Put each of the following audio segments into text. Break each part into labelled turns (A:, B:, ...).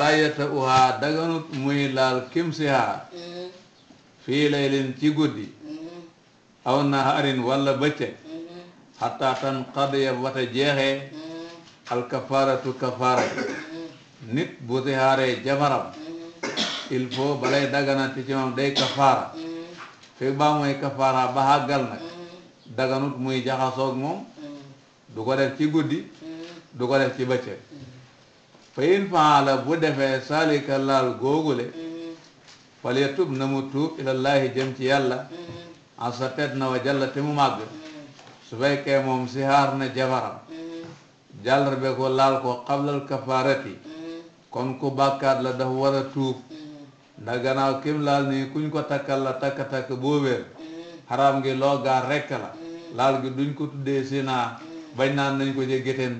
A: laa yeta daganut muy laal kimsihaa fii laylin ci guddi aw naharin walla bëccëg xataa tan qadiya bata jeexee alkafaaratu kafaara nit bu tihaaree jabaram il faut balay daganati ci moom day kafaara fekk baa mooy kafaara ba xàggal nag daganut muy jaxasoog moom du ko def ci guddi du ko def ci bëccëg fa in bu defee salika laal googule fal yatub na mu tuub ilallahi jëm ci yàlla asa tet na wa jalla te mu màgg su fekkee moom si haar na jabaram jàllar be ko laal ko xablal kafaarati kon ku bàkkaat la dafa wara a tuub ndax gannaaw kim laal nii kuñ ko takkal la takk-takk boo wér xaram ngi loo la laal gi duñ ko tuddee sinaa bañ naan nañ ko jéggateen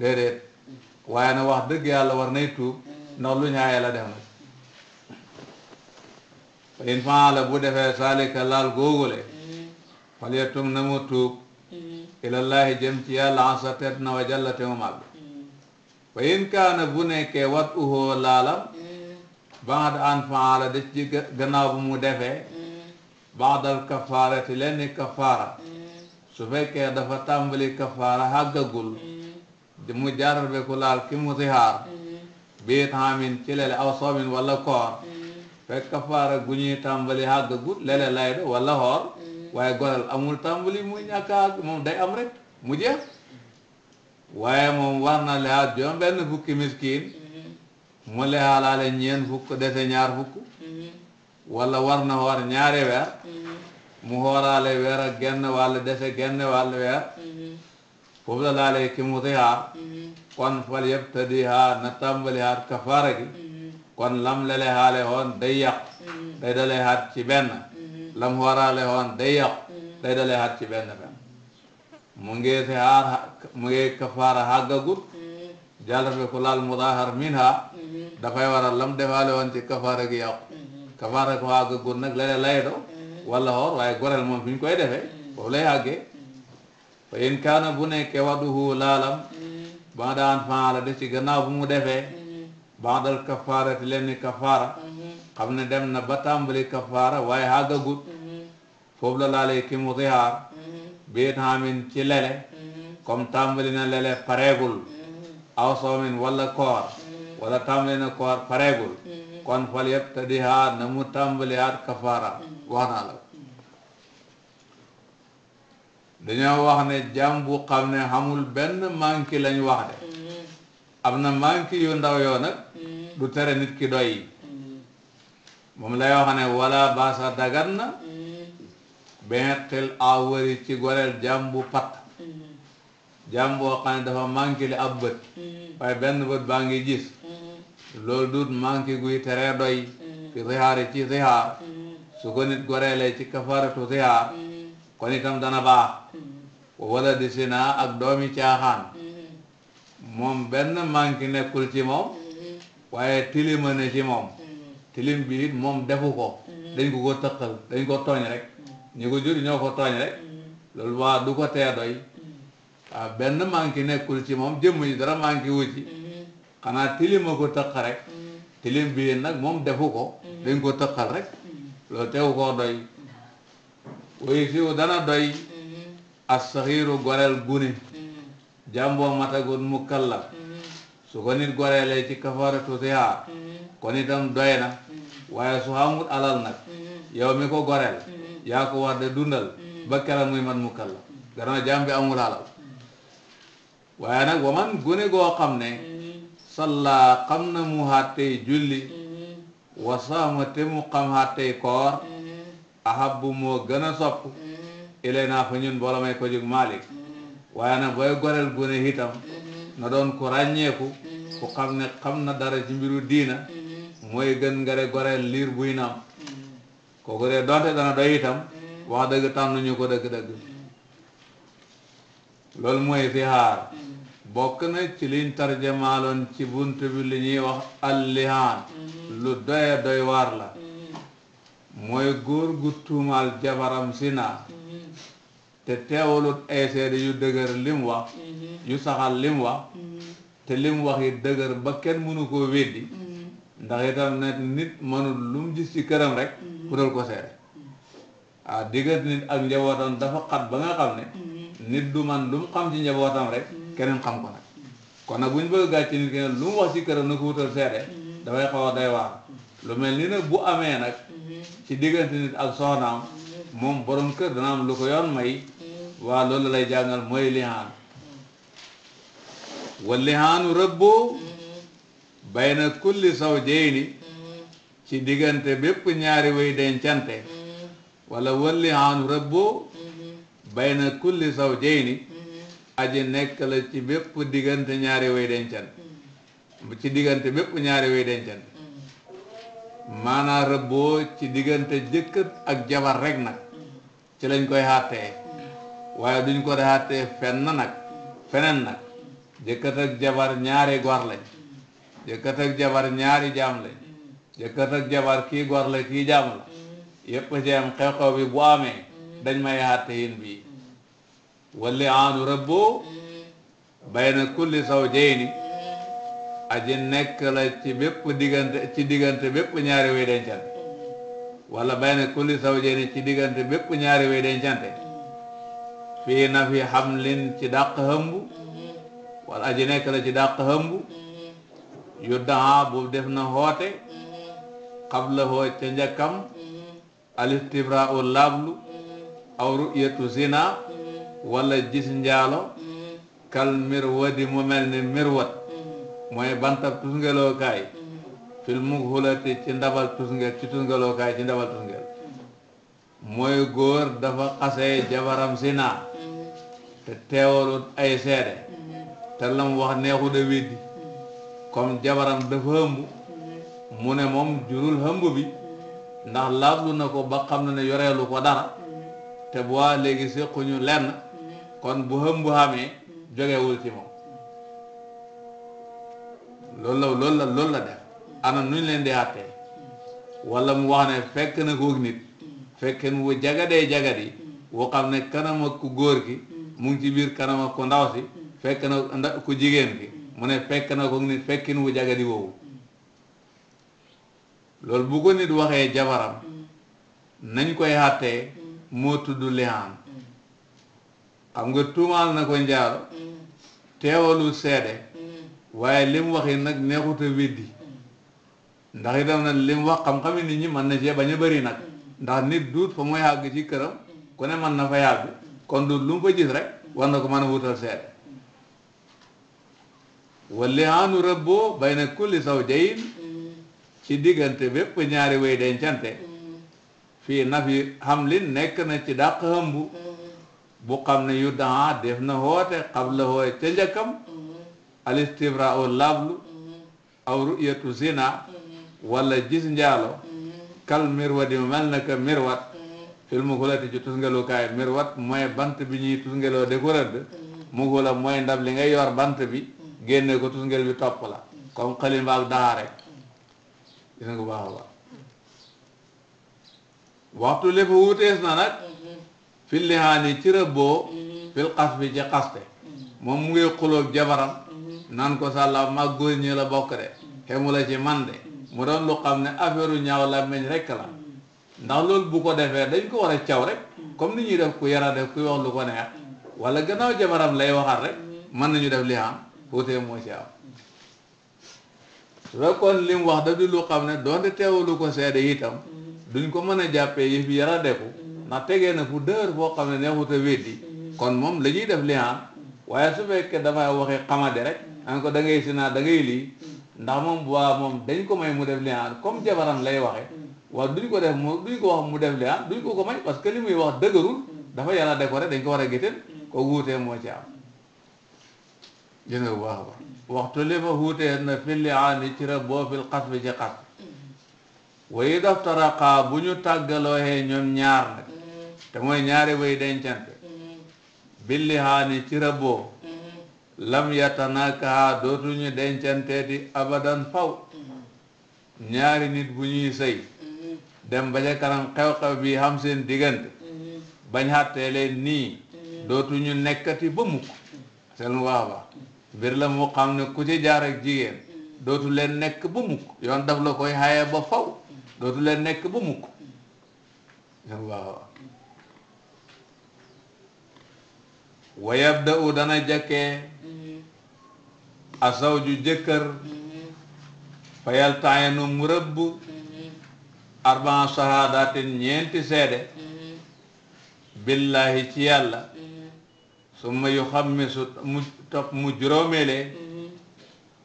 A: déedéet waaye nag wax dëgg yàlla war nay tuub ndax lu ñaaye la def na fa in faala bu defe saalika laal góogule fal yetum na mu tuub ilallahi jëm ci yàlla ansa tet na wa jalla te mu fa in kaana bu nekkee wat uhoo laalam baad an faala da ci gannaaw bu mu defee baadal kafaarati lenni kafaara su fekkee dafa tàmbali kafaara xàggagul mu jaaral be ku laal ki mu sihaar mm-hmm. bii taamin ci lele aw soomin walla koor mm-hmm. fekk kafaara gu ñuy tàmbali xàgg gut lele lay do walla xoor mm-hmm. waaye golal amul tàmbali muy ñàkk àgg moom day am rek mu jeex waaye moom war na lehaat juróom benn fukki miskin mu lehaalaale ñeen fukk dese ñaar fukk walla war na xoor ñaari weer mu xooraale weer ak genn wàll dese genn wàll weer foofu la laalee ki mutiha kon fal yabtadiha na tàmbali haat kafaara gi kon lam lele haale hoon day yàq day dale haat ci benn lam waraale hoon day yàq day dale haat ci benn benn mu ngee te haar mu ngee kafaara hàggagut jàllafe ku laal mudahar min ha dafay waral lam defaale woon ci kafaara gi yàqu kafaara ko hàggagut nag lele lay do walla hoor waaye gorel moom fi koy defee foofu lay fa in kaana bu nekkee waduhu laalam ba da an faala de ci gannaaw bu mu defee ba dal kafaara ti leen ni kafaara xam ne dem na ba tàmbali kafaara waaye xàggagut mm-hmm. foofu la laalee ki mu zihaar mm-hmm. biit xamin ci lele mm-hmm. comme tàmbali na lele pareegul aw soomin wala koor wala tàmbali na koor pareegul kon fal yëpp te na mu tàmbali aat kafaara wax la dañoo wax ne jaam bu xam ne xamul benn manki lañ wax de
B: mm.
A: am na manki yu ndaw yoo nag mm. du tere nit ki doy mm. moom lay wax ne wala baasa dagan na benqil awari ci goreel jaam bu patt jaam boo xam ne dafa manki li ab bët waaye benn bët baa ngi gis loo duut manki guy tere doy ci zihaar ci zihaar su ko nit goreelee ci kafaratu zihaar kon itam dana baax mm-hmm. wala di sinaa ak doomi caaxaan mm-hmm. moom benn manki nekkul ci moom mm-hmm. waaye tilima ci moom tilim biit moom defu ko dañ ko ko tëqal dañ ko tooñ rek ñi ko jur ñoo ko tooñ rek loolu waa du ko tee doy waaw benn manki nekkul ci moom jëmm ji dara manki wu ci xanaa tilima ko tëq rek tilim bi it nag moom defu ko dañ ko tëqal rek loolu teewu koo doy woy fiwu dana doy mm-hmm. assaxiiru goreel gune mm-hmm. jàmboo matagun mukallaf mm-hmm. su ko nit goreelee ci kafaratu siha kon itam doy na waaye su xamul alal nag yow mi ko goreel yaa ko war dundal ba keroog muy mat mukallaf gannaaw jàmm bi amul alal waaye nag waman gune goo xam ne salla xam na mu xàttey julli wasaama te mu xam xàttey koor ahabbu moo gën a sopp mm-hmm. ilay naa fa ñun boola may ko jóg Malick mm-hmm. waaye nag booy goreel gune itam mm-hmm. na doon ku ràññeeku ku xam ne xam na dara ci mbiru diina mooy gën nga de goreel liir buy naam kooku de donte dana doy itam wax dëgg tànn ñu ko dëgg-dëgg loolu mooy fi bokk na ci liñ tarjamaaloon ci bunt bi li ñuy wax allihaan lu doye doy waar la mooy góor gu tuumaal jabaram si sina te teewalut ay seede yu dëgër lim wax yu saxal lim wax te lim wax yi dëgër ba kenn mënu koo weddi ndax itam ne nit mënul lu mu gis ci këram rek ku dal ko seede waaw diggante nit ak njabootam dafa xat ba nga xam ne nit du man lu mu xam ci njabootam rek keneen xam ko nag kon nag bu ñu bëgg gàcce nit keneen lu wax ci këram na ko wutal seede dafay xaw day waar lu mel ni nag bu amee nag ci diggante nit ak soxnaam moom borom kër dana am lu ko yoon may waa loolu lay jàngal mooy lihaan wa lihaanu rëbboo bayna kulli zawjayni ci diggante bépp ñaari way dencante wala wa lihaanu rëbboo bayna kulli zawjayni aji nekk la ci bépp diggante ñaari way dencante ci diggante bépp ñaari way dencante maanaa rëbboo ci diggante jëkkër ak jabar rek nag ci lañ koy xàttee waaye duñ ko di xàttee fenn nag feneen nag jëkkër ak jabar ñaari gor lañ jëkkër ak jabar ñaari jaam lañ jëkkër ak jabar kii gor la kii jaam la yépp ci am xew-xew bi bu amee dañ may xàtte yin bii wali aanu rëbboo bayna kulli zawjayni aji nekk la ci bépp diggante ci diggante bépp ñaari way dencante wala bayna kulli zawjayni ci diggante bépp ñaari way dencante fii na fi xamlin ci dàq hëmb wala aji nekk la ci dàq hëmb yu daha bu def na xoote xabla hoo ca njakkam alistibra u lablu aw ru'yatu zina wala gis njaalo kal mirwadi mu mel ni mirwat mooy bantab tusngelookaay fil mug xulati ci ndabal tusngel ci tusngelookaay ci ndabal tusngel mooy góor dafa xasee jabaram si naa te teewalut ay seede te la mu wax neexu da weddi comme jabaram dafa hëmb mu ne moom jurul hëmb bi ndax laablu na ko ba xam na ne yoreelu ko dara te bu waa léegi séquñu lenn kon bu hëmb xamee jógewul ci moom lool la loolu la loolu la def ana nu ñu leen di àttee wala mu wax ne fekk na koog nit fekkee mu jagadee jagadi woo xam ne kanam ku góor gi mu ngi ci biir kanam ku ndaw si fekk na ku jigéen gi mu ne fekk na koog nit fekkin wu jagadi woowu loolu bu ko nit waxee jabaram nañ koy àttee moo tudd lihaan xam nga tuumaal na ko njaaro teewalu seede waaye li mu wax nag neexut a weddi ndax itam nag li wax xam-xami nit ñi mën na cee bañ a bari nag ndax nit duut fa muy yàgg ci këram ku ne mën na fa yàgg kon duut lu mu fa gis rek war na ko mën a wutal seet wala aanu rëbboo bay na kulli saw jayin ci diggante bépp ñaari way dencante fii naf yi xam li nekk na ci dàq hëmb bu xam ne yu daa def na xoote xab la xooy ca njëkkam alistibra o lablu aw ru'yatu zina walla gis njaalo kal mirwat yi mel na ka mirwat fil mu xulati ci tusngelukaay mirwat mooy bant bi ñuy tusngeloo de ko rëdd mu xula mooy ndab li ngay yor bant bi génne ko tusngel bi topp la comme xalimba daa rek gis nga baax a waxtu lépp wuutees na nag fil lihaani ci rëbboo fil xas bi ci xaste moom mu ngi xuloog jabaram naan ko sàllaaw maa góor ñi la bokk de xemu la ci man de mu doon lu xam ne affaire ñaaw la meñ rek la ndax loolu bu ko defee dañ ko war a caw rek comme ni ñuy def ku yara def kuy wax lu ko neex wala gannaaw jabaram lay waxaat rek mën nañu def li am xuutee moo ci am su fekkoon li mu wax daf di lu xam ne doonte teewalu ko seede itam duñ ko mën a jàppee yëf yara defu na fu dër foo xam ne neexut a weddi kon moom la ñuy def li waaye su fekkee dafay waxee xamade rek an ah, ko da ngay si naa da ngay lii hmm. ndax moom bu waa moom dañ ko may mu def li aan comme jabaram lay waxe hmm. waaw duñ ko def mu duñ ko wax mu def li duñ ko ko may parce que li muy wax dëgërul hmm. dafa yàlla décoré dañ ko war a géteel ko wuutee moo ci am jënga bu baax ba waxtu li fa wuutee na fi li aani ci rab boo fil xas bu ñu tàggalooxee ñoom ñaar nag mooy ñaari way dencante billi haani ci raboo lam yatanakaha dootuñu dencanteeti abadan faw ñaari nit bu ñuy sëy dem ba ca kanam xew-xew bi xam seen diggante bañ xàttee leen nii dootuñu nekkati ba mukk seen wax ba mbir la mu xam ne ku ci jaar ak jigéen dootu leen nekk ba mukk yoon daf la koy xaye ba faw dootu leen nekk ba mukk seen wax ba wayab da u dana jàkkee azawju jëkkër fa yaltaayinu mu rëbb arbaa shahaadatin ñeenti seede billahi ci yàlla summa yu xammisu mu topp mu juróomele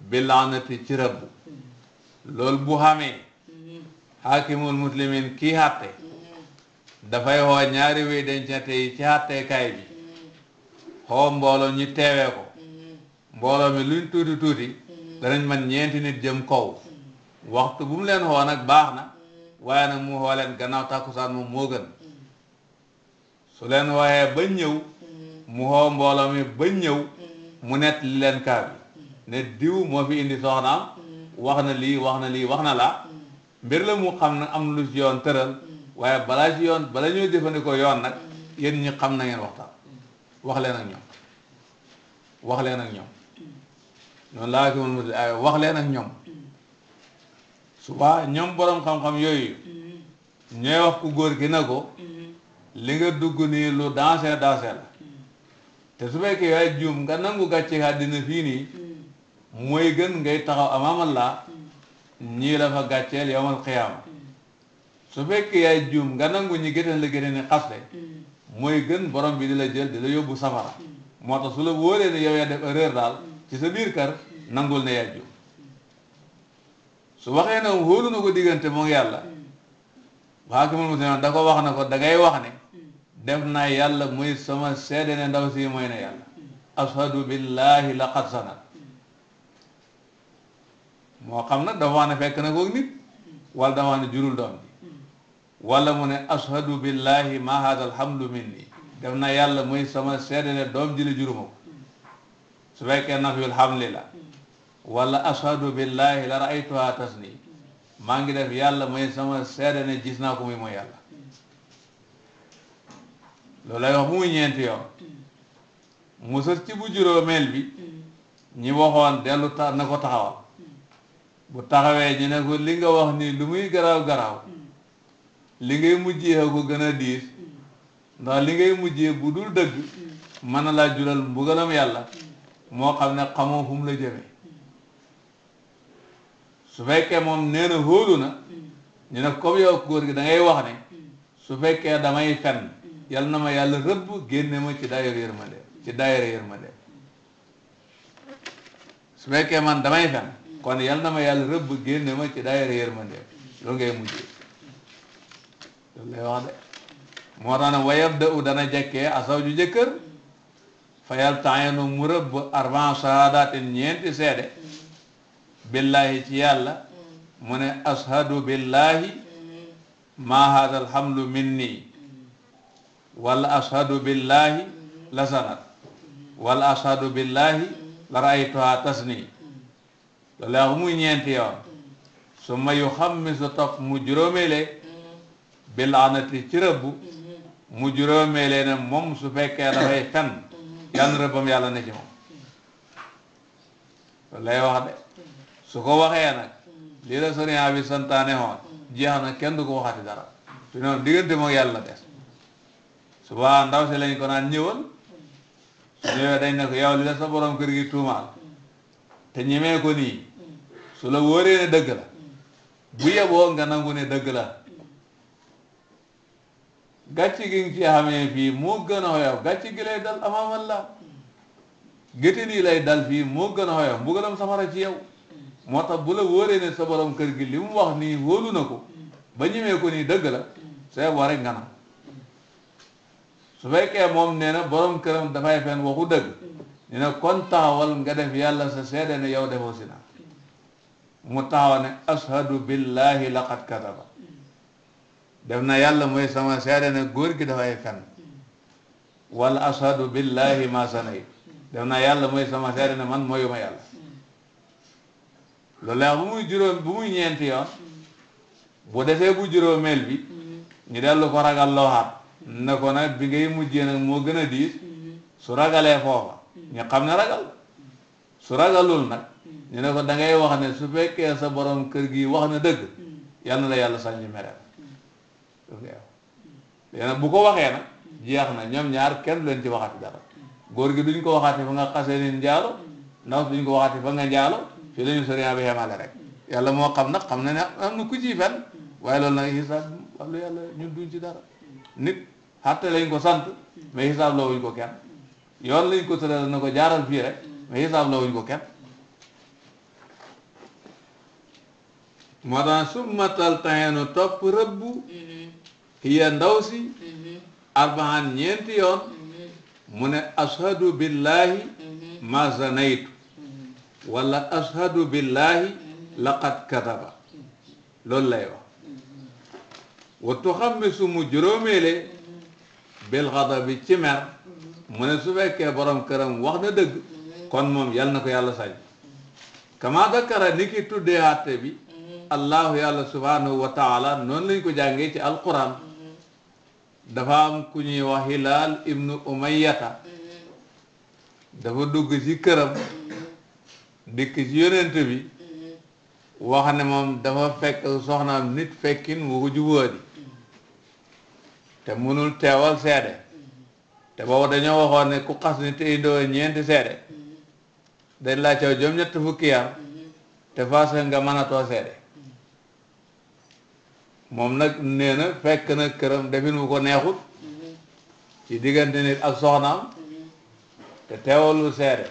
A: bilaanati ci rëbb loolu bu xamee xaakimul muslimin kii xatte dafay xoo ñaari wéy dencante yi ci xattekaay bi xoo mbooloo ñi teewee ko mbooloo mi luñ tuuti tuuti mm. danañ man ñeenti nit jëm kow mm. waxtu bu mu leen xoo nag baax na mm. waaye nag mu xoo leen gannaaw tàkkusaan moom moo gën su leen waaye ba ñëw mu xoo mbooloo mi bañ ñëw mu nett li leen kaa bi ne diw moo fi indi soxnaam wax na lii wax na lii wax na laa mbir la mu xam ne am lu ci yoon tëral waaye balaa ci yoon bala ñoo jëfandikoo yoon nag yéen ñi xam na ngeen waxtaan wax leen ak ñoom wax leen ak ñoom noonu laa ko mën a wax leen ak ñoom suba ñoom borom xam-xam yooyu ñooy wax ku góor gi na ko li nga dugg nii lu danser danser la te su fekkee yaay juum nga nangu gàcce àddina fii nii mooy gën ngay taxaw amaamal laa ñii la fa gàcceel yawmal qiyaama su fekkee yaay juum nga nangu ñi géteen la géteen ni xasle mooy gën borom bi di la jël di la yóbbu safara moo tax su la wóoree ne yow yaa def erreur daal ci sa biir kar nangul ne yaay su waxee ne hóolu na ko diggante moom yàlla waa ki mu da ko wax na ko dangay wax ne def naa yàlla muy sama seede ne ndaw si mooy ne yàlla ashadu billahi laqad sanat moo xam na dafa wax ne fekk na koog nit wala dafa wax ne jurul doom bi wala mu ne ashadu billahi ma hada alhamdu minni def naa yàlla muy sama seede ne doom ji la su fekkee nafyul xamli la wala ashadu billahi la raaytuha tasni maa ngi def yàlla mooy sama seede ne gis naa ko muy mooy yàlla loolu lay wax bu ñeenti yoon mu sës ci bu juróomeel bi ñi waxoon dellu ta na ko taxawal bu taxawee ñu ne ko li nga wax ni lu muy garaaw garaaw li ngay mujjee ko gën a diis ndax li ngay mujjee bu dul dëgg mën na laa jural mbugalam yàlla moo xam ne xamoo fu la jëme su fekkee moom nee na hóolu na ñu ne comme yow góor gi da ngay wax ni su fekkee damay fenn yal na ma yàlla rëbb génne ma ci daayira yërmande ci daayira yërmande su fekkee man damay fen kon yal na ma yàlla rëbb génne ma ci daayira yërmande loolu ngay mujjee loolu lay wax de moo tax ne wayab da u dana jekkee asaw ju jëkkër fayal taayanu mu rëbb arban shahadatin ñeenti seede billahi ci yàlla mu ne ashadu billahi maa haada alhamdu minni wala ashadu billahi la sanat wala ashadu billahi la raaytuha tasni loolu yaaku muy ñeenti yoon su ma yu xammisu topp mu juróomele ci rëbb mu ne moom su fekkee dafay fen yan rëbbam yàlla na ci moom loolu lay wax de su ko waxee nag lii la soriant bi santaane jeex na kenn du ko waxati dara su noonu diggante moom yàlla des suba ndaw si lañ ko naan ñëwal su ñëwee dañ ne ko yow li la sa borom kër gi tuumaal te ñemee ko nii su la wóoree ne dëgg la bu yeboo nga nangu ne dëgg la gàcc gi nga ci xamee fii moo gën a xoyof gàcc gi lay dal amaamal la gétti nii lay dal fii moo gën a xoyof mbugalam safara ci yow moo tax bu la wóoree ne sa borom kër gi li mu wax nii wóolu na ko ba ñemee ko nii dëgg la see war rek nga na su fekkee moom nee na borom këram dafay fen waxu dëgg ñu ne kon taxawal nga def yàlla sa seede ne yow defoo si na mu taxaw ne ashadu billahi laqad kataba def na yàlla mooy sama seede ne góor gi dafay fen wala ashadu billahi ma sanay def na yàlla mooy sama seede ne man mooyuma yàlla loolu la bu muy juróom bu muy ñeenti yoon bu defee bu juróomeel bi ñu dellu ko ragal looxaat na ko nag bi ngay mujjee nag moo gën a diis su ragalee foofa ñu xam ne ragal su ragalul nag ñu ne ko da ngay wax ne su fekkee sa borom kër gi wax na dëgg yal la yàlla sañ ñu daf lay am nag bu ko waxee na jeex na ñoom ñaar kenn leen ci waxat dara góor gi duñ ko waxati fa nga xasee leen njaalo ndaw duñ ko waxati fa nga njaalo fii la ñu soriant bi xemale rek yàlla moo xam nag xam na ne am na ku ci fen waaye loolu nag xisaab wàllu yàlla ñun duñ ci dara nit xatte lañ ko sant ma xisaab loo wuñ ko kenn yoon lañ ko tëral na ko jaaral fii rek mais xisaab loo wuñ ko kenn moo tax summatal taxeenu topp rëbbu hiya ndaw si mhm. arbaan ñeenti yoon mhm. mu ne ashadu billahi mhm. ma zanaytu wala ashadu la laqad kadaba loolu lay wax wa tuxammisu mu juróomeele bil xadabi ci mer mu ne su fekkee boroom këram wax na dëgg kon moom yal na ko yàlla sañ kama dakara ni ki tuddee àtte bi allahu yàlla subhanahu wa noonu lañ ko jàngee ci alquran dafa am ku ñuy wax Hilaal ibnu Umayyata dafa dugg ci këram dikk ci yonent bi wax ne moom dafa fekk soxnaam nit fekkin wu ko jubóodi te mënul teewal seede te boobu dañoo waxoon ne ku xas ni te indoo ñeenti seede dañ laa caw jom ñett fukki yar te faase nga mën a moom nag nee na fekk na këram defin wu ko neexut mm-hmm. ci diggante nit ak soxnaam mm-hmm. te teewalu seere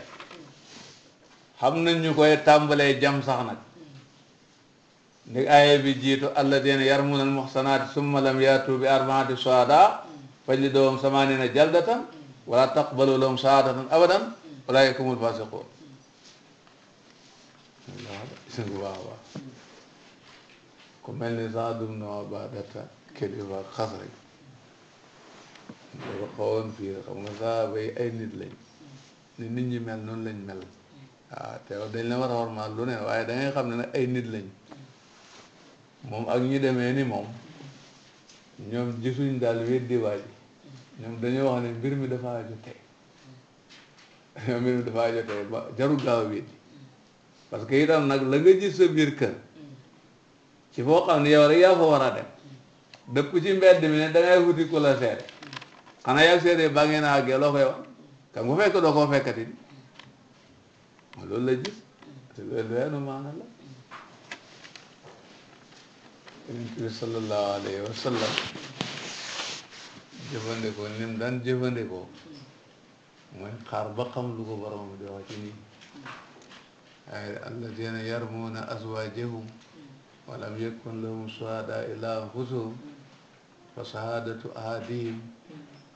A: xam nañ ñu koy tàmbalee jam sax nag mm-hmm. ndi aaya bi jiitu alladina yarmuna almuxsanaati summa lam yaatu bi arbaati shuhadaa fajlidohum samaanina jaldatan wala taqbalu lahum shahaadatan abadan ulaika humul fasiqun waaw ku mel ni Saad ibnu Ubaadata kilifa Xasraj dafa xawoon fii xam nga saaba yi ay nit lañ ni nit ñi mel noonu lañ mel waaw te dañ la war a lu ne waaye da xam ne nag ay nit lañ moom ak ñi demee ni moom ñoom gisuñ daal weddi waa ñoom dañoo wax ne mbir mi dafa jotee mbir mi dafa jotee ba jarul gaaw weddi parce que itam nag la nga gis sa biir kër ci foo xam ne yow yaa fa war a ci mbedd mi ne dangay wuti ku la seere xanaa yaa seere baa ngeen a àggee loo koy wax kam ko fekk doo koo fekkati loolu la gis te loolu leenu maana la yonent bi sallallahu alayhi wa sallam jëfandikoo ni mu daan jëfandikoo mooy xaar ba xam lu ko borom di wax ci nii ay alladina yarmuuna azwaajahum walam yakun lahum suhada illa anfusuhum fa sahadatu ahadihim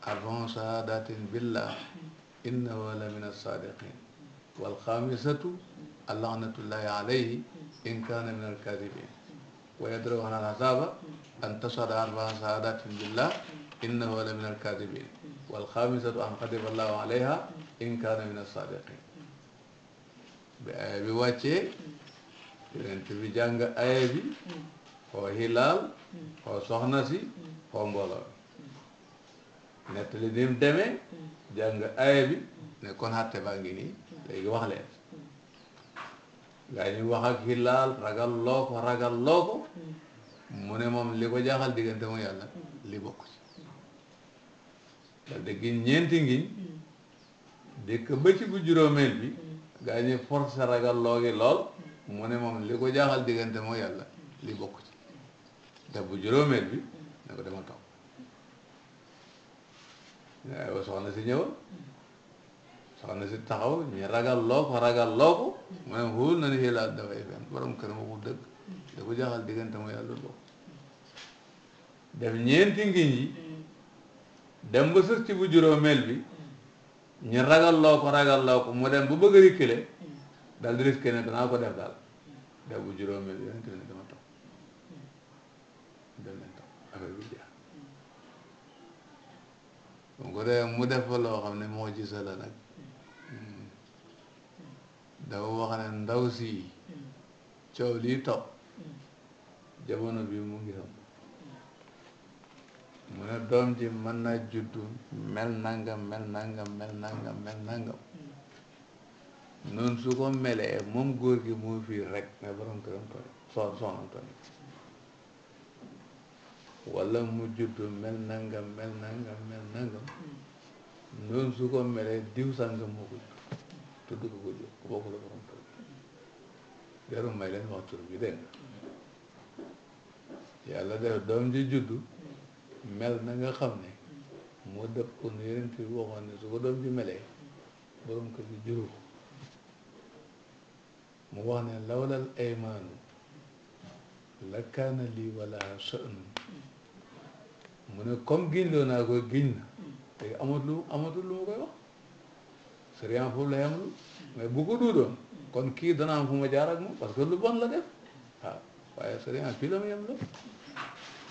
A: arbau sahadatin billah innahu la min alsadiqin walxamisatu allahnatullahi alayhi in kana min alkadibin wa yadraw an alhasaba an tashhada arbaa sahadatin billah innahu la min alkadibin walxamisatu an qadiba allahu alayha in kana min alsadiqin bi wàccee yonent bi jàng aye bi xoo hilaal xoo soxna si xoo mbooloo bi nettali ni mu demee jàng aye bi ne kon xatte baa ngi nii léegi wax leen gaa ñu wax ak hilaal ragal loo ko ragal loo ko mu ne moom li ko jaaxal diggante mu yàlla li bokk ci dal di giñ ñeenti ngiñ dëkk ba ci bu juróomeel bi gaa ñu forcé ragal loo gi lool mu ne moom li ko jaaxal diggante moo yàlla li bokku ci def bu juróomeel bi ne ko dama toog waaye ba si ñëwal soxna si taxaw ñu ragal loo ragal loo mu ne xuul na ni xilaat dafay fen borom kër ma ko dëgg li ko jaaxal diggante moo yàlla bokk def ñeenti ngiñ yi dem ba sës ci bu juróomeel bi ñu ragal loo ko ragal loo ko mu dem bu bëgg a rikkile daal di risque ne danaa ko def daal daw bu juróomeel ne moo gisa la nag dafa wax ne ndaw si coow lii topp jamono bi mu ngi am mu ne doom ji mën naa juddu mel nangam mel nangam mel nangam mel nangam noonu su ko melee moom góor gi moo fii rek mais borom këram tooñ son sonam tooñ wala mu juddu mel nangam mel nangam mel nangam noonu su ko melee diw sangam moo ko tudd ko ko jóg ku bokku la borom tooñ jarul may leen wax tur bi dégg nga yàlla def doom ji juddu mel na nga xam ne moo dëpp ko nu yeneen kii waxoon ne su ko doom ji melee borom kër gi juru mu wax ne lawlal aymaanu la kaana lii wala sha'nu mu ne comme giñ loo naa ko giñ na tey amatul amatul lu mu koy wax sëriñ foofu la yamlu mais bu ko duudoon kon kii dana fu ma jaar ak moom parce que lu bon la def waaw waaye sëriñ fii la mu yem la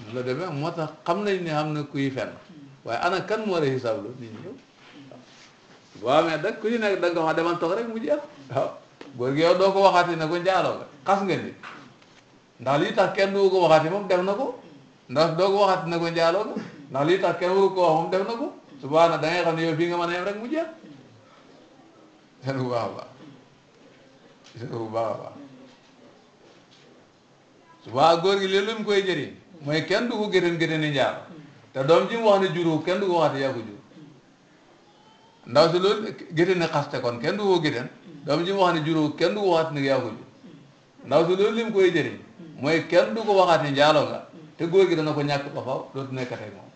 A: mu la demee moo tax xam nañ ne am na kuy fenn waaye ana kan moo war a xisaab lu nit ñëw waaw mais dag ku ñu nekk da nga wax rek mu jeex waaw góor gi yow doo ko waxaati ko njaaloo nga xas nga ni ndax lii tax kenn du ko waxaati moom def na ko ndax doo ko waxaati ne ko njaaloo nga ndax lii tax ken du ko wax moom def na ko subaa na da ngay ne yow fii nga ma a yem rek mu jeex seen bu baax a baax góor gi léeg-léeg mu koy jëriñ mooy kenn du ko gëtën gëtën ni njaalo te doom ji mu wax ne juru kenn du ko waxaati yaa ko jur ndaw si loolu gëtën ne xaste kon kenn du ko doom ji mu wax ne juróom kenn du ko waxaat ne yaa ko jur ndaw si loolu lim koy jëriñ mooy kenn du ko waxaat ne njaaloo nga te góor gi dana ko ñàkk ba faw dootu nekkatee moom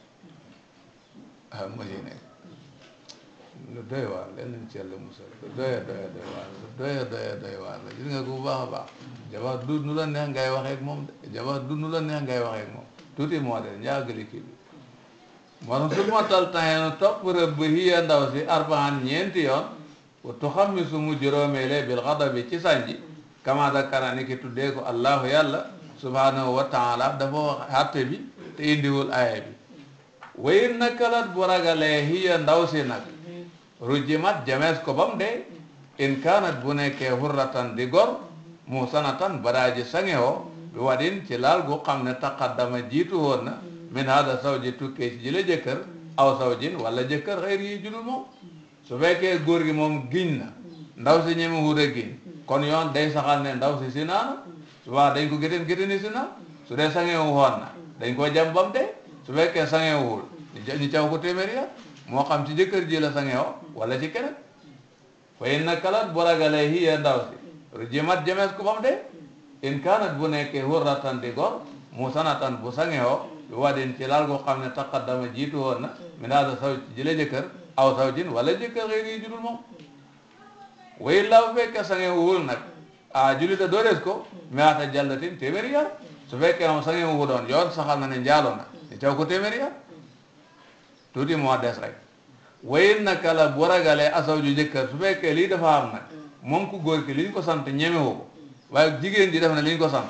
A: ah moo ciy nekk lu doy waar lenn ci yàlla musal lu doya doya doy waar lu doya doya doy waar la gis nga ko bu baax a baax jabar du nu la neex ngay waxee ak moom de jabar du nu la neex ngay waxee ak moom tuuti moo de ñaagale kii bi maanaam su ma tal temps yéen topp rëbb hiya ndaw si arbaan ñeenti yoon wa tuxammisu mu juróomee lee bil xadabi ci sànji kama dakara ni ki tuddee ko allahu yàlla subhanahu wa taala dafa wax xatte bi te indiwul aaya bi wayin nakalat bu ragalee hiya ndaw si nag rujjimat jamees ko bam dee in kaanat bu nekkee hurratan di gor musanatan baraaji sangewoo bi wadin ci laal gu xam ne taqaddama jiitu woon min hada sawji tukkee ci jële jëkkër aw sawjin wala jëkkër xëyri yi judul moom su fekkee góor gi moom giñ na ndaw si ñeme wuute giñ kon yoon day saxal ne ndaw si si naanu su baax dañ ko géteen géteeni si naan su dee sangee wu xoon na dañ ko jam bam su fekkee sangee moo xam ci jëkkër ji la sangee woo wala ci keneen fa in na kalat bu ragalee hiya ndaw si rujimat jamees ko bam dee in kaanat bu nekkee hurratan di góor mu sanatan bu sangee woo wadin ci laal goo xam ne taqaddama jiitu woon na mi naa da saw ci jële jëkkër aw zawjin wala jëkkër xëy na judul moom way laa bu fekkee sa ngeen wóor nag ah, a julita doolees ko miata jallatin téeméeri yar su fekkee moom sa ngeen wudoon yoon saxal na ne njaaloo na di taw ko téeméeri yar tuuti moo des rek way naka kala bu ragalee asaw ju jëkkër su fekkee li dafa am nag ku góor ki li ko sant ñemewu ko jigéen ji def na li ñu ko sant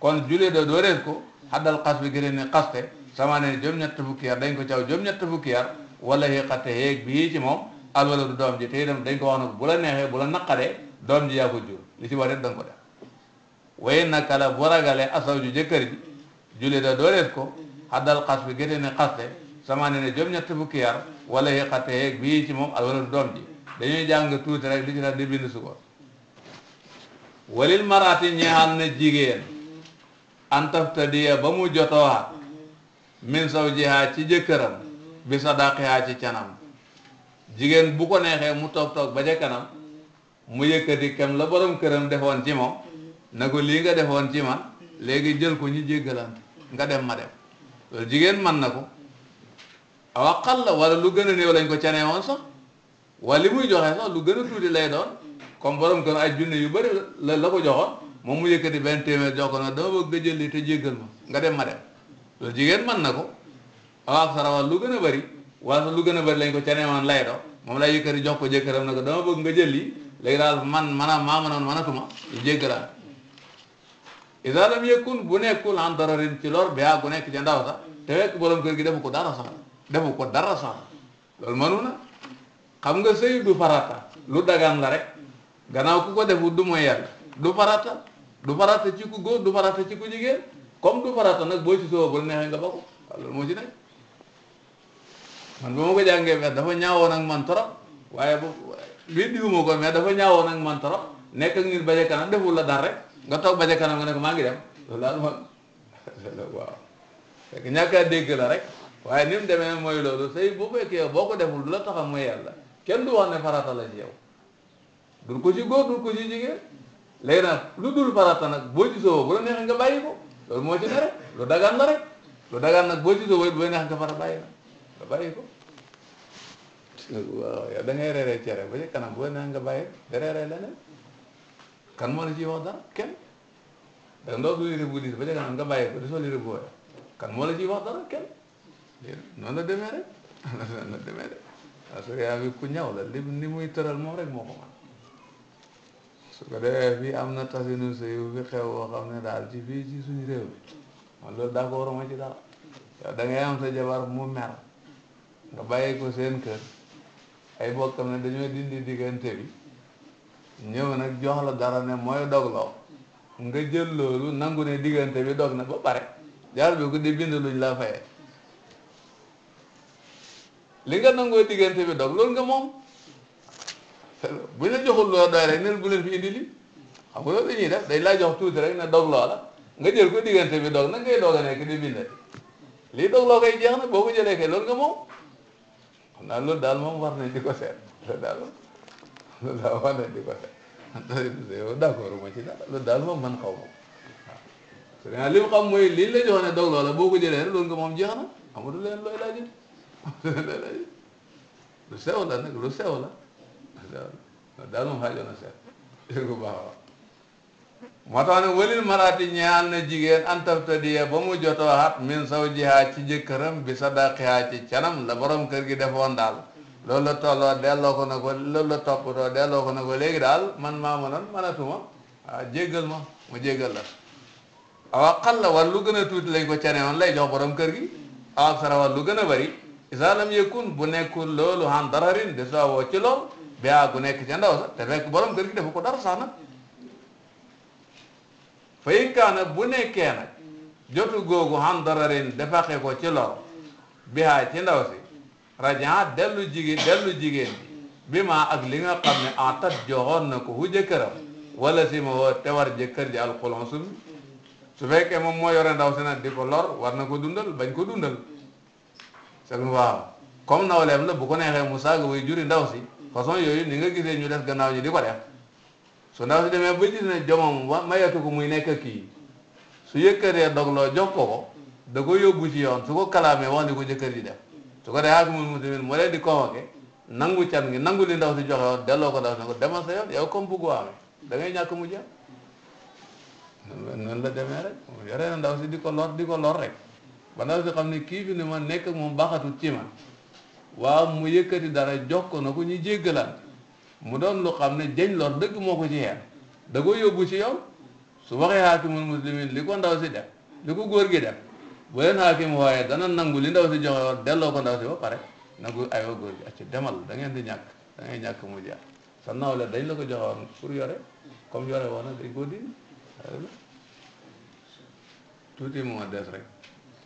A: kon julita doolees ko haddal xas bi gën a ne xaste sama ne juróom-ñett fukki dañ ko caw juróom-ñett fukki wala xeexate yeeg bii ci moom alwala du doom ji te itam dañ ko wax nag bu la neexee bu la naqaree doom ji yaa ko jur li ci war it danga ko def waaye naka bu ragalee asaw ju jëkkër ji juli da doolees ko xaddal xas bi gëte ne xaste sama ne ne jom ñett fukki yar wala xeexate yeeg bii ci moom alwala du doom ji dañuy jàng tuuti rek li ci tax di bind su ko walil maraati ñeexaan na jigéen antaf tadiya ba mu jotoowaat min saw ci jëkkëram bi sadaqaa ci canam jigéen bu ko neexee mu toog toog ba ca kanam mu yëkkati kenn la boroom këram defoon ci moom na ko lii nga defoon ci man léegi jël ko ñu jéggalante nga dem ma dem loolu na ko awaqal la wala lu gën a néew lañ ko canee woon sax li muy joxe lu gën a tuuti lay doon comme borom kër ay yu bëri la la ko joxoon moom mu yëkkati benn téeméer jox ko nag dama bëgg lii te jéggal nga dem ma dem loolu jigéen man na ko awaab sarawa lu gën a bëri wala sax lu gën a bëri lañ ko ca neewoon lay do moom lay yëkkati jox ko jëkkëram ne ko dama bëgg nga jël lii léegi daal man maanaam maa mënoon mënatuma yu jéggalaan idaa lam yakun bu nekkul an dararin ci lor bi gu nekk ca ndaw sax te fekk borom gi defu ko dara sax defu ko dara sax na xam nga sëy du farata lu dagaan la rek gannaaw ku ko defu du mooy du farata du farata ci ku góor du farata ci ku jigéen comme du farata nag boo ci soo bu neexee nga ba ko loolu moo ci nekk man ba ma ko jàngee vers dafa ñaawoon ak man trop waaye bu bii diguma ko mais dafa ñaawoon ak man trop nekk ak ñun baje kanam deful la dara nga toog baje kanam nga ne ko dem loolu daal moom waaw fekk ñàkk dégg la rek waaye ni mu demee mooy loolu sëy bu fekkee boo ko deful la tax a mooy yàlla kenn du wax ne farata la ci yow dul ko ci góor dul ko lu dul farata nag boo ci bu la neexee nga bàyyi ko loolu moo ci ne rek lu dagaan la rek lu dagaan ko yow da ngay reeree cere ba ci kanam boo nee nga bàyyi da reeree leneen kan moo la ciy wax dara kenn da nga doon yére bu diis ba ci kanam nga bàyyi ko di sol yére bu woyof kan moo la ciy wax dara kenn noonu la demee rek noonu demee rek parce ku ñaw la li muy tëral moom rek moo am na tasinu sëy daal ci fii ci ngay am sa jabar mu mer nga bàyyi ko seen kër ay bokkam ne dañoo dindi diggante bi ñëw na jox dara ne mooy dogloo nga jël loolu nangu ne diggante bi dog na ba pare jaar bi ko di bind luñ la fayee li nga nangoo bi dog loolu nga moom bu ñu la joxul loo doy rek neen bu leen fi indi li nga loolu dañuy def dañ laa jox tuuti rek ne dog loo nga jël ko diggante bi dog nag ngay doog a nekk di bindati lii dog loo koy jeex na boo ko jëlee kay loolu nga moom naa loolu daal moom war nañ di ko seet loolu daal loolu daal war nañ di ko seet yow d'accord ma ci dara loolu daal moom man xaw ma ko waaw li mu xam mooy liñ la jox dog loola boo ko jëlee loolu nga moom jeex na amatu leen looy laajit amatu leen looy lu sew la nag lu sew la na seet dégg nga bu moo tax ne walil maraati ñaan na jigéen antabtadiya ba mu jotoo xat min saw ci jëkkëram bi sadaqihaa ci canam la borom kër gi defoon daal loolu la tolloo delloo ko na ko loolu la toppatoo delloo ko na ko léegi daal man maa mënoon mënatuma ah jéggal ma mu jéggal la awa xal la war lu gën a tuuti lañ ko cane woon lay jox borom kër gi aw sara war lu gën a bari isa lam yëkkun bu nekkul loolu han dararin de soo woo ci lool bi aa gu nekk ca ndaw sa te fekk borom kër gi defu ko dara sax nag fay kaana bu nekkee nag jotu googu xam dararin defaxe ko ci lor bihaa ci ndaw si rajan dellu jigéen dellu jigéen bi ma ak li nga xam ne en tat joxoon na ko hu jëkkëram wala si ma woo te war jëkkër ji alxulon su su fekkee moom moo yore ndaw si nag di ko lor war na ko dundal bañ ko dundal c'est waaw comme nawleem la bu ko neexee mu saaga way juri ndaw si façon yooyu ni nga gisee ñu def gannaaw ñi di ko def so ndaw si demee ba gis ne jomam wa mayatu ko muy nekk kii su yëkkatee dogloo jox ko ko da ko yóbbu ci yoon su ko kalaamee wax ni ko jëkkër ji def su ko dee di convoqué nangu can ngi nangu li ndaw si joxe woon ko ndaw si ne ko demal sa yoon yow comme bugg waame da ngay ñàkk mu jeex noonu la demee rek yore na ndaw si di ko lor di ko lor rek ba ndaw si xam ne kii fi ne ma nekk moom baaxatul ci ma waaw mu yëkkati dara jox ko na ko ñu jéggalaan mu doon lu xam ne jëñ lor dëgg moo ko ci xeer da ko yóbbu ci yow su waxee xaakimul muslimin li ko ndaw si def li ko góor gi def bu leen xaakim waaye dana nangu li ndaw si joxe woon delloo ko ndaw si ba pare ay aywa góor gi acci demal da ngeen di ñàkk da ñàkk mu jeex sa nawle dañ la ko joxe woon pour yore comme yore woon na dañ koo dindi tuuti moo des rek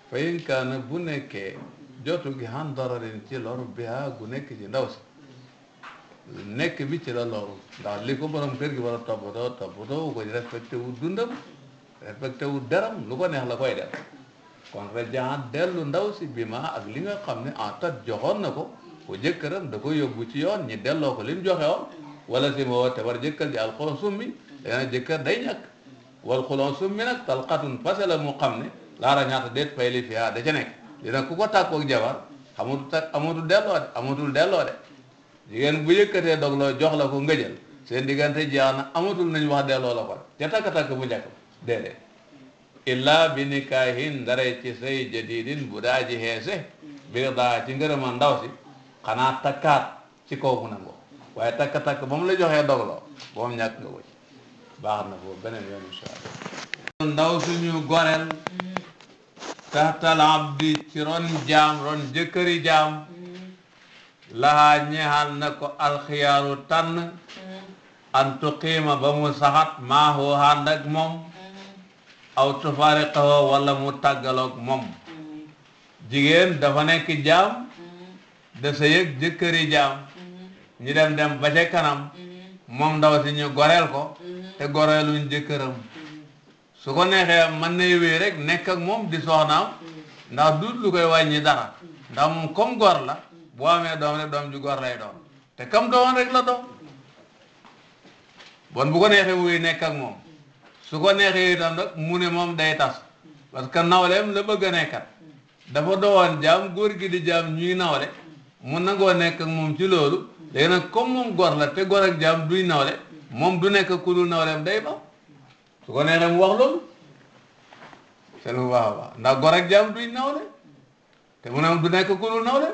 A: fayin kaana bu nekkee jotu gi xan dararin ci lor biha gu nekk ci ndaw si nekk bi ci la loru ndax li ko borom kër gi war a toppatoo toppatoo ko respecté wu dundam respecté wu deram lu ko neex la koy def kon rajan dellu ndaw si bi ma ak li nga xam ne en tat joxoon na ko ko jëkkëram da ko yóbbu ci yoon ñi delloo ko li mu joxe woon wala si ma woo te war jëkkër ji alxoon summi dana jëkkër day ñàkk wal xuloon summi nag talxatun fase la mu xam ne laara ñaata déet fay li fiyaa da ca nekk dina ku ko tàkkoog jabar amatu tak amatu delloo de amatul delloo de jigéen bu yëkkatee dogloo jox la ko nga jël seen diggante jeex na amatul nañ wax delloo la ko rek ca takk-takk bu njëkk déedéet illaa bi nikaahin ndaree ci say jadidin bu daa ji xeese bir daa ci ngërëma ndaw si xanaa takkaat ci kaw mu nangoo waaye takk-takk ba mu la joxee dogloo ba mu ñàkk nga ko ci baax na foofu beneen yoon insha allah ndaw suñu goreel taxtal abdi ci ron jaam ron jëkkëri jaam lahaa ñeexal na ko alxiyaaru tànn mm-hmm. an ba mu saxaat maahu ànd ak moom mm-hmm. aw tufaariqahu walla mu tàggalook moom mm-hmm. jigéen dafa nekk jaam da sa yëg jëkkëri jaam ñu dem dem ba ca kanam moom ndaw si ñu goreel ko te goreeluñ jëkkëram su ko neexee mën nay wéy rek nekk ak moom di soxnaam ndax du lu koy wàññi dara ndax moom comme gor la boo amee doom rek doom ju góor lay doon te kam doon rek la doon bon bu ko neexee muy nekk ak moom su ko neexee itam nag mu ne moom day tas parce que nawleem la bëgg a nekkat dafa doon jaam góor gi di jaam ñuy nawle mu nangoo nekk ak moom ci loolu léegi nag comme moom góor la te góor ak jaam duy nawle moom du nekk ku dul nawleem day ba su ko neexee mu wax loolu seetlu bu baax a baax ndax góor ak jaam duy nawle te mu ne du nekk ku dul nawle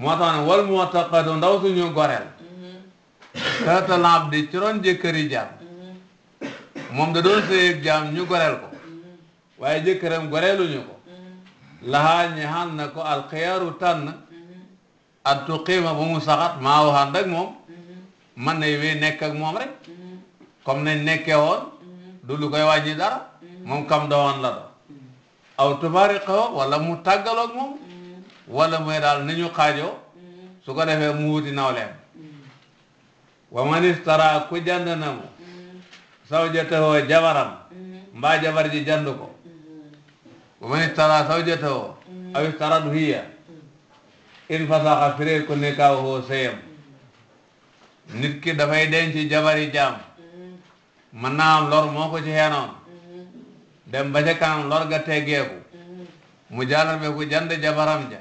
A: moo tax ne wal mu'taqadu ndaw suñu goreel tata lamb di ci ron jëkkëri jaam moom da doon sëyeeg jaam ñu goreel ko waaye jëkkëram goreeluñu ko lahaa ñaxal na ko alxiyaaru tànn at tuqiima ba mu saxat maa waxaan rek moom man na wéy nekk ak moom rek comme nañ nekkee woon du lu koy wàññi dara moom kam dowoon la do aw tufaariqoo wala mu tàggaloog moom wala mooy daal nañu xaajoo su ko defee mu wuti nawleem wa man istara ku jànd na mu sawjatahoo jabaram mbaa jabar ji ko wa man istara sawjatahoo aw istaradu hiya in fasaxa firee ko nikaahoo sëyam nit ki dafay denc jabari jaam mën naa am lor moo ko ci xeenoon dem ba ca lor ga teggeeku mu jàllale ku jànd jabaram ja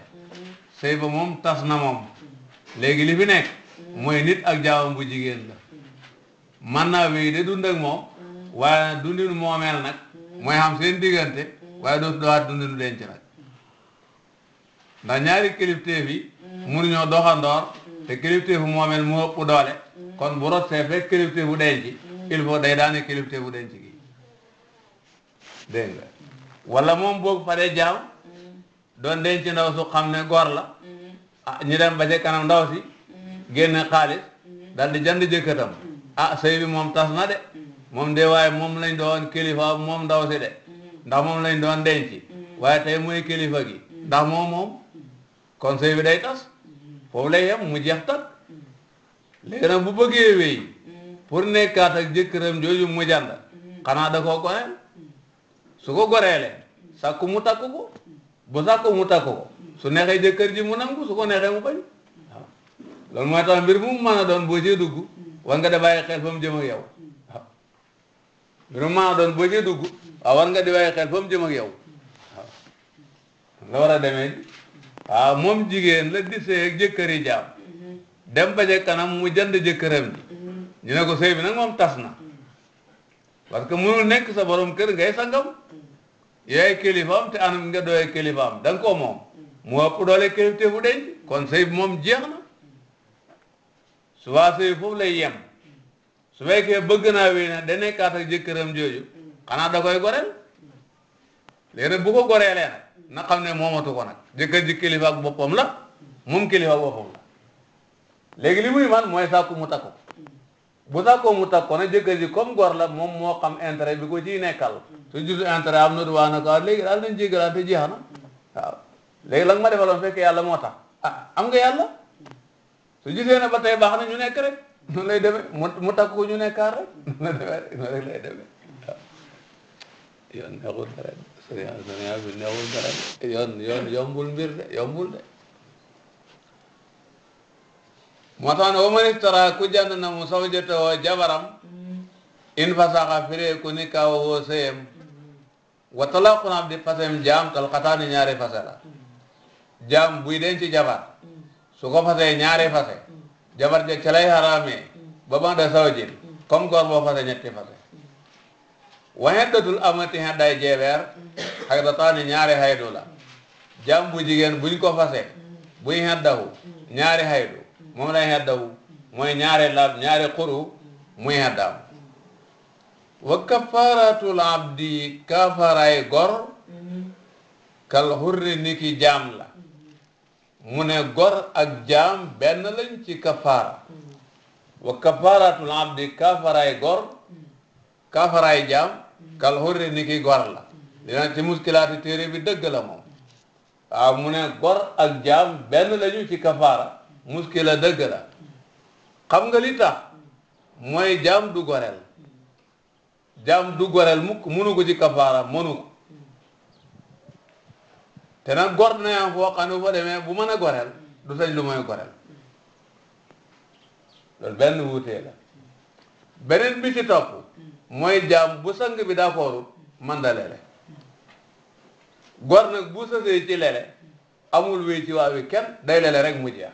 A: sëy ba moom tas na moom léegi li nekk mooy nit ak jaawam bu jigéen la man naa wéy de dund ak moom waaye dundinu moomeel nag mooy xam seen diggante waaye dootu dowaat dundinu denc nag ndax ñaari kilifteef yi mënuñoo doxandoor te kilifteefu moomeel mu ëpp doole kon bu rot see fekk kilifteefu denc il faut day daane kilifteefu denc gi dégg moom boog paree jaaw doon denc ndaw su xam ne góor la ah ñu dem ba ca kanam ndaw si génne xaalis dal di jënd jëkkëtam ah sëy bi moom tas na de moom de waaye moom lañ doon kilifa moom ndaw si de ndax moom lañ doon denc waaye tey mooy kilifa gi ndax moom moom kon sëy bi day tas foofu lay yem mu jeex tat léegi nag bu bëggee wéy pour nekkaat ak jëkkëram jooju mu jànd xanaa da koo goreel su ko goreele sakku mu takku ko bu sàkko mu takk ko su neexee jëkkër ji mu nangu su ko neexee mu bañ waaw loolu mooy tax mbir mu mën a doon boo cee dugg war nga di bàyyi xel fa mu jëm ak yow waaw doon boo cee dugg war nga di bàyyi xel mu jëm yow waaw war a demee waaw moom jigéen la di jëkkër yi jaam dem ba kanam mu jënd jëkkëram ji ñu ko sëy bi nag moom tas na parce que mënul nekk sa boroom kër ngay sangam yaay kilifaam te anam nga doyee kilifaam da nga koo moom mu ëpp doole kilifte fu deñ kon sëy moom jeex na subaa sëy foofu lay yem su fekkee bëgg naa wéy na da nekkaat ak jëkkëram jooju xanaa da koy goreel léegi nag bu ko goreelee nag na xam ne moomatu ko nag ji kilifa ak boppam la moom kilifa ak boppam la léegi li mooy sàkku mu takku bu sakkoo mu takk ko nag jëkkër ji comme gor la moom moo xam intérêt bi ko ji nekkal su gisul intérêt am na waa na ko ah léegi daal nañ jéggalante jeex na waaw léegi la nga ma defaloon fekk yàlla moo tax ah am nga yàlla su gisee ne ba tey baax na ñu nekk rek noonu lay demee mu mu takk ko ñu nekkaar rek noonu rek lay demee waaw yoon neexul dara yoon yoon yombul mbir de yombul de moo tax ne wa man iftara ku jànd na mu zawjatahu jabaram mm-hmm. in fasaxa firee ku woo sëyem mm-hmm. wa talaqun abdi fasem jaam kal xataani ñaari fase la
B: mm-hmm.
A: jaam buy denc jabar su ko ñaari fase jabar ja ca lay xaraamee ba ma da sawjin comme góor fase ñetti fase wa heddatul amati hedday jeebeer haydataani ñaari haydu la jaam bu jigéen buñ ko fase buy heddahu ñaari haydu moom lay xeddawu mooy ñaare laab ñaare xuru muy xeddaam wa kafaaratul abdi kaafaraay gor kal xurri jaam la mu ne gor ak jaam benn lañ ci kafaara wa kafaaratul abdi kaafaraay gor kaafaraay jaam kal xurri gor la dina ci muskilaati téere bi dëgg la moom waaw mu ne gor ak jaam benn lañu ci kafaara muskila dëgg la xam nga li tax mooy jaam du goreel jaam du goreel mukk mënu ko ci kafaara mënu ko te nag gor na yam foo xam ne bu fa demee bu mën a goreel du sañ lu mooy goreel loolu benn wuutee la beneen bi ci topp mooy jaam bu sang bi daa foorut man da lele gor nag bu sësee ci lele amul wéy ci waa wi kenn day lele rek mu jeex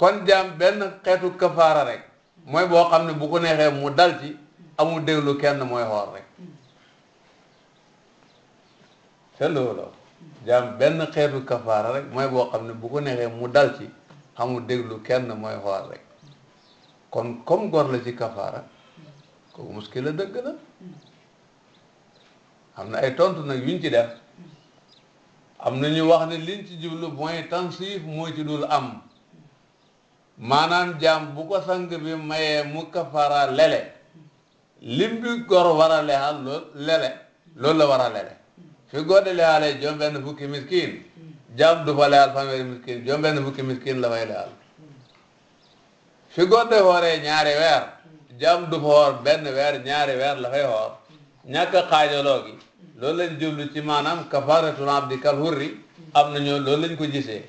A: kon jaam benn xeetu kafaara rek mooy boo xam ne bu ko neexee mu dal ci amul déglu kenn mooy xoor rek te loolu jaam benn xeetu kafaara rek mooy boo xam ne bu ko neexee mu dal ci amul déglu kenn mooy xoor rek kon comme gor la ci kafaara kooku muskil la dëgg la am na ay tontu nag yuñ ci def am na ñu wax ne liñ ci jublu mooy tansif moo ci dul am maanaam jaam bu ko sang bi mayee mu kafara lele lim gor war a lexal lele loolu la war a lele fi góor di lexalee juróom benn fukki miskin jaam du fa lexal fanweeri miskin juróom benn fukki miskin la fay lexal fi góor di xooree ñaari weer jaam du fa benn weer ñaari weer lafay fay xoor ñàkk a xaajaloo gi ci maanaam kafaaratul abdi kal hurri am nañu loolu lañ ko gisee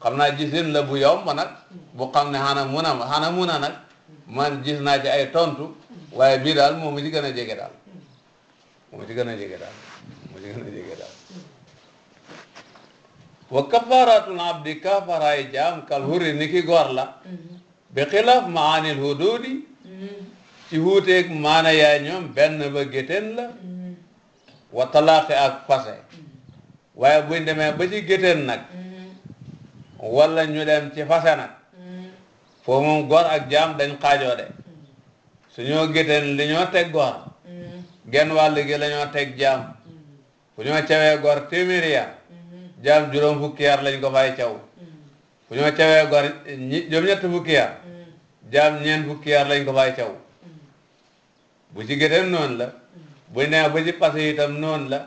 A: xam naa gisin bu yomb nag xam ne xana mun a ay waaye bii daal moom gën a jege daal moom mu ci gën a jege a jaam kal huri ni ki la bi xilaaf maanil hududi ci wuuteeg maana yaa ñoom benn ba gétteen la wa ak fase waaye buñ demee ba ci gétteen nag wala ñu dem ci fase nag mm. foo moom ak jaam dañ kaajoo de mm. suñoo géteen li ñoo teg góor
B: mm.
A: genn wàll gi ñoo teg jaam fu ñoo cawee góor téeméeri mm-hmm. jaam juróom fukki yar lañ ko fay caw fu ñoo cawee góor ñi juróom ñett fukki jaam ñeen fukki yar lañ ko fay caw bu ci géteen noonu la bu nee ba ci passé itam noonu la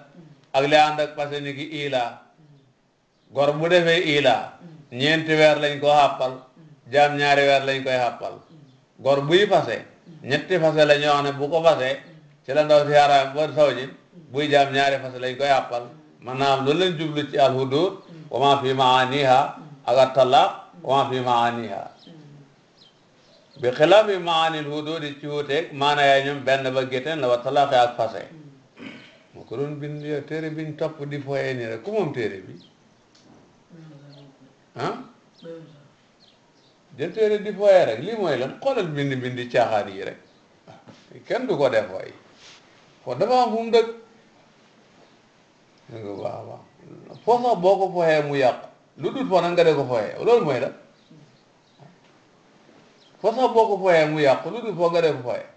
A: ak li ànd ak ni ki ilaa góor bu defee ilaa ñeenti weer lañ ko xàppal jaam ñaari weer lañ koy xàppal gor buy fase ñetti fase la ñoo xam ne bu ci la ndaw si xaraam ba buy jaam ñaari fase lañ koy xàppal maanaam loolu lañ jublu ci alxuduud wa maa fi ma ak at-talaaq wa maa fi maaniha bi xilaafi maanil xuduud ci wuuteeg maana yaay ñoom benn ba gétteen la wa talaaqi ak fase moo ko doon bind yow téere biñ di foyee nii rek ku moom téere bi ah jël téere di fooyee rek lii mooy lan xoolal bindi bindi caaxaan yi rek ah, kenn du ko def fooy foo dafa am fu mu dëkk nga baax baax foo sax boo ko fooyee mu yàqu lu dul foo nag nga ko fooyee loolu mooy la foo sax boo ko fooyee mu yàqu lu dul foo nga de ko fooyee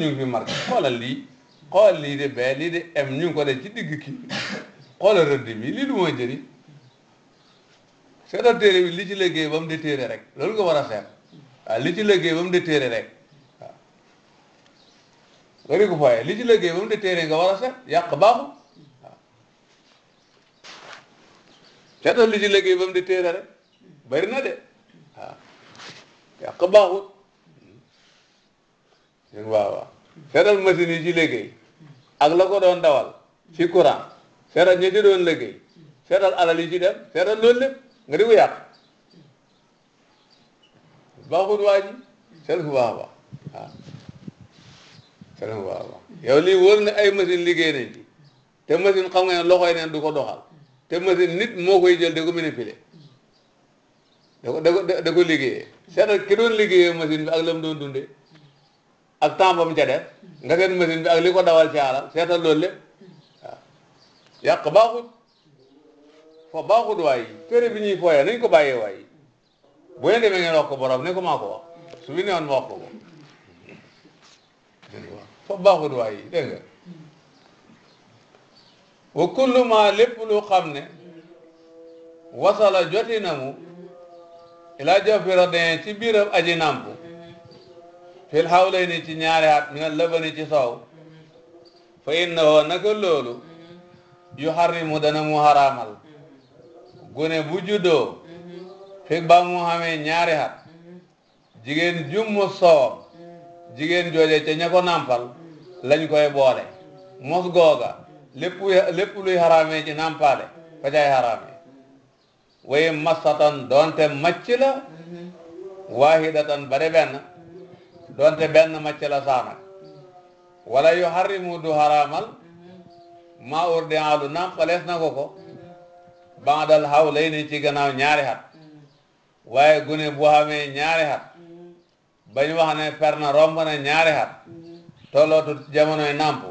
A: ñu ngi fi marqué xoolal lii xool lii de bee lii de m ñu ngi ko def ci digg kii xoola rëdd bi lii du mooy njëriñ seetal téere bi li ci liggéey ba mu de téere rek loolu nga war a seet li ci liggéey ba mu de téere nga li ci liggéey ba mu de téere nga war a seet li ci liggéey ba mu de téere rek bari na de waaw yàq baaxul waaw waaw seetal machine ci liggéey ak la ko doon dawal ci courant seetal ñi ci doon liggéey seetal alal yi ci dem seetal loolu lépp nga di ko yàq baaxul waa ji seet baax baax waaw seet ku na ay machine liggéey nañ ci te machine nga ne loxoy neen du ko doxal te machine nit moo koy jël da ko manipuler da ko da ko da ko liggéeyee seetal ki doon liggéeyee machine ak la doon dunde ak temps ba mu ca def nga seet machine bi ko dawal ci loolu lépp waaw yàq baaxut fo baaxut waay bi ñuy fooyee nañ ko bàyyee waay bu ngeen demee ngeen wax ko borom ne ko maa ko wax su fi newoon ma wax ko ko fo baaxut waay dégg nga wa lépp lu xam ne wasala joti na mu ilaa jofi radin ci biiram aji nàmp fil hawlay ci ñaari at mi na labani ci soow fa innahu naka loolu yu xarrimu dana mu xaraamal gune bu juddoo fig ba mu xamee ñaari at jigéen jummu soowam jigéen jooje ca ña ko nampal lañ koy boole mos googa lépp luy xaraamee ci nampaale fa cay xaraamee waye masatan doonte macc la waahidatan bare benn doonte benn macc la saanak wala yu xarimu du xaraamal maa urdi alu nàmpalees na ko ko bandal xaw lay ni ci gannaaw ñaari xat waaye gune bu xamee ñaari xat bañ wax ne fer na na ñaari xat tollootu jamonoy nàmp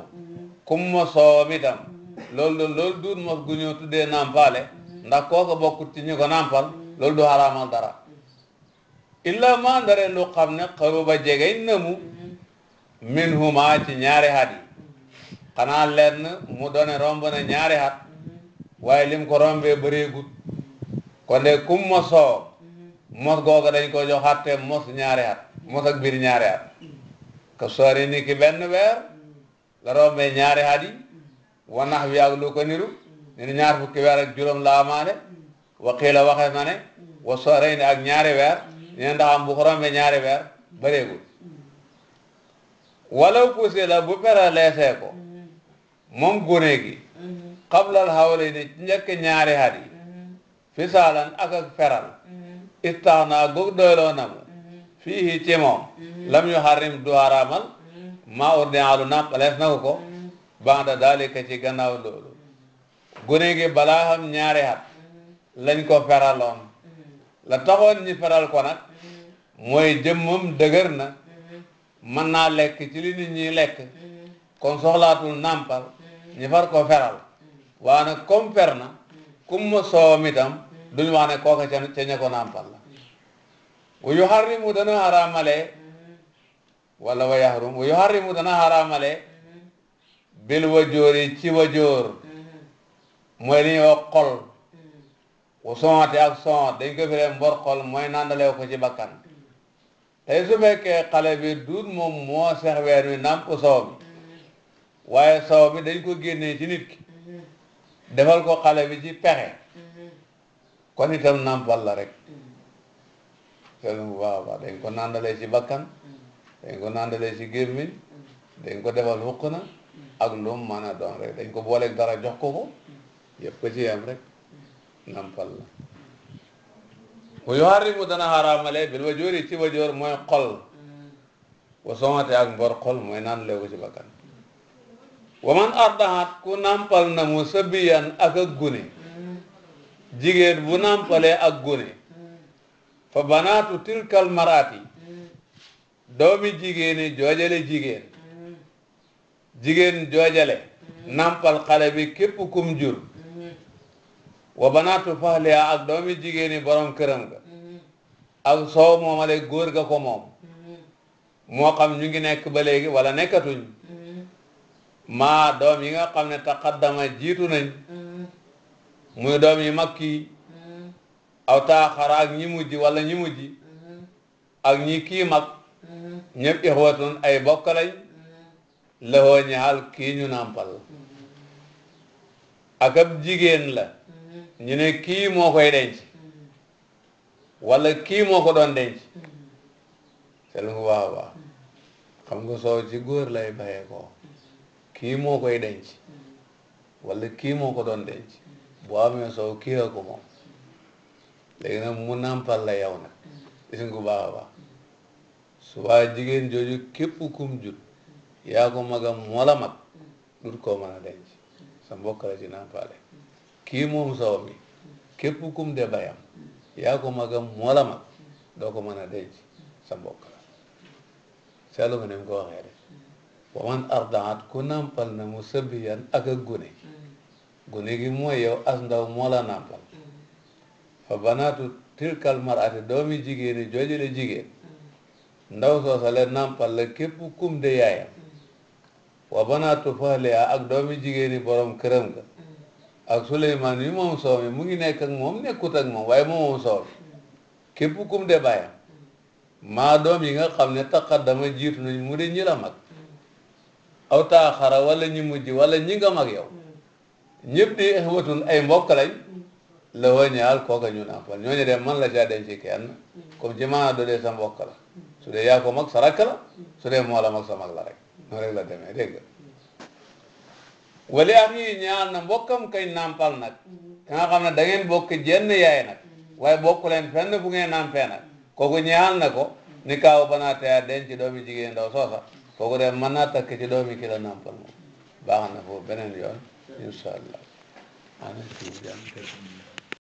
A: kum ma soowam itam loolu loolu duut mos gu ñëw tuddee nàmpaale ndax kooku bokkut ci ñu ko nàmpal loolu du xaraamal dara illa ma ndare lu xam ne xaruba jegeñ na mu min ci ñaari hat xanaa leer mu doone romb na ñaari hat waaye lim ko rombee bëreegut kon de kum ma mos googa dañ ko jox hatte mos ñaari hat mos ak biir ñaari hat ka soori ki benn weer la rombee ñaari hat yi wanax wi ak lu ko niru ne ñaar fukki weer ak juróom laamaane waqiila waxe na ne wa soorey ak ñaari weer ñu ne ndax am bu ko rombee ñaari weer bëreegul wala puuse la bu pera leesee ko moom gone gi xablal xawle ni ci ñaari at yi fisaalan ak ak feral istax naa goog doyloo na fii ci moom lam yu xarim du xaraamal maa urdi alu napp lees na ko banda daalika ci gannaaw loolu gone balaa xam ñaari at lañ ko feraloon la taxoon ñi feral ko nag mooy jëmmam dëgër na mën naa lekk ci li nit ñi lekk kon soxlaatul nàmpal ñu far ko feral waaye kom comme fer na kum ma soom itam duñu wax ne kooka ca ca ko nàmpal la wa yu xarrimu dana xaraamalee wala wa yaxrum wa yu xarrimu dana xaraamalee bil wajoor yi ci wajoor mooy li ñuy wax xol ku sonate ak sonat dañ ko firee mbor xol mooy nandale ko ci bakkan tey su fekkee xale bi duut moom moo sex weer wi nàmp sow bi waaye sow bi dañ ko génnee ci nit ki defal ko xale bi ci pexe kon itam nàmpal la rek seetlu bu baax baax dañ ko nàndalee ci bakkan dañ ko nàndalee ci gémmiñ dañ ko defal xukk na ak lu mu mën a doon rek dañ ko booleeg dara jox ko ko yëpp ko ci yam rek nàmpal la wa yuharrimu dana xaramale bil wajoori ci wajoor mooy xol wa somate ak mbor xol mooy naan lew ko ci bakkan wa man ardahat ku nampal na mu sabiyan ak ak gune jigéen bu nampalee ak gune fa banaatu tilkal maraati doomi jigéeni joojale jigéen jigéen joojale nampal xale bi képp kum jur wa banaatu fahliha ak doomi jigéeni borom këram ga ak soow moomale góor ga ko moom moo xam ñu ngi nekk ba léegi wala nekkatuñ maa doom yi nga xam ne taqaddama jiitu nañ muy doom yi makki aw taaxara ak ñi mujj wala ñi mujj ak ñi kii mag ñëpp ixwatun ay bokk lañ la hoo ñaal kii ñu nàmpal ak jigéen la ñu ne kii moo koy denc walla kii moo ko doon denc seetlu nga baax a baax xam nga soow ci góor lay bayee ko kii moo koy denc wala kii moo ko doon denc bu amee soow kii a ko moom léegi nag mu nàmpal la yow na gis nga baax a baax subaa jigéen jooju képp kum jut yaa ko magam moo mag dut koo mën a denc sa mbokk la ci nàmpale kii moom soow mi képp kum de bayam yaa ko magam moo la mag doo ko mën a denc sa mbokk la seetlu nga ni ko waxee rek wa man ardaat ku nàmpal na mu sabiyan ak ak gune gune gi mooy yow as ndaw moo la nàmpal fa banaatu tilkal marati doomi jigéeni jooju de jigéen ndaw soosale nàmpal la képp kum de yaayam wa banaatu fahliha ak doomi jigéeni borom këram ga ak Souleymane mi moom soow mi mu ngi nekk ak moom nekkut ak moom waaye moom moom soow mi képp kum de bàyyam maa doom yi nga xam ne taqaddama jiitu nañu mu de ñi la mag aw taaxara wala ñi mujj wala ñi nga mag yow ñëpp di ixwatun ay mbokk lañ la wañaal kooka ñu nàmpal ñooñu de man la caa denc ci kenn comme ci maanaa doo sa mbokk la su dee yaa ko mag sa rakk la su dee moo la mag sa mag la rek noonu rek la demee dégg nga wali am yi ñaan na mbokkam kay nampal nag ka nga xam ne da ngeen bokk jenn yaay nag waaye bokk leen fenn fu ngeen nampee nag kooku ñaan na ko ni kaaw banaa teya den ci doomi jigéen ndaw soosa kooku de mën naa takk ci doomi ki la nampal moom baax na foofu beneen yoon incha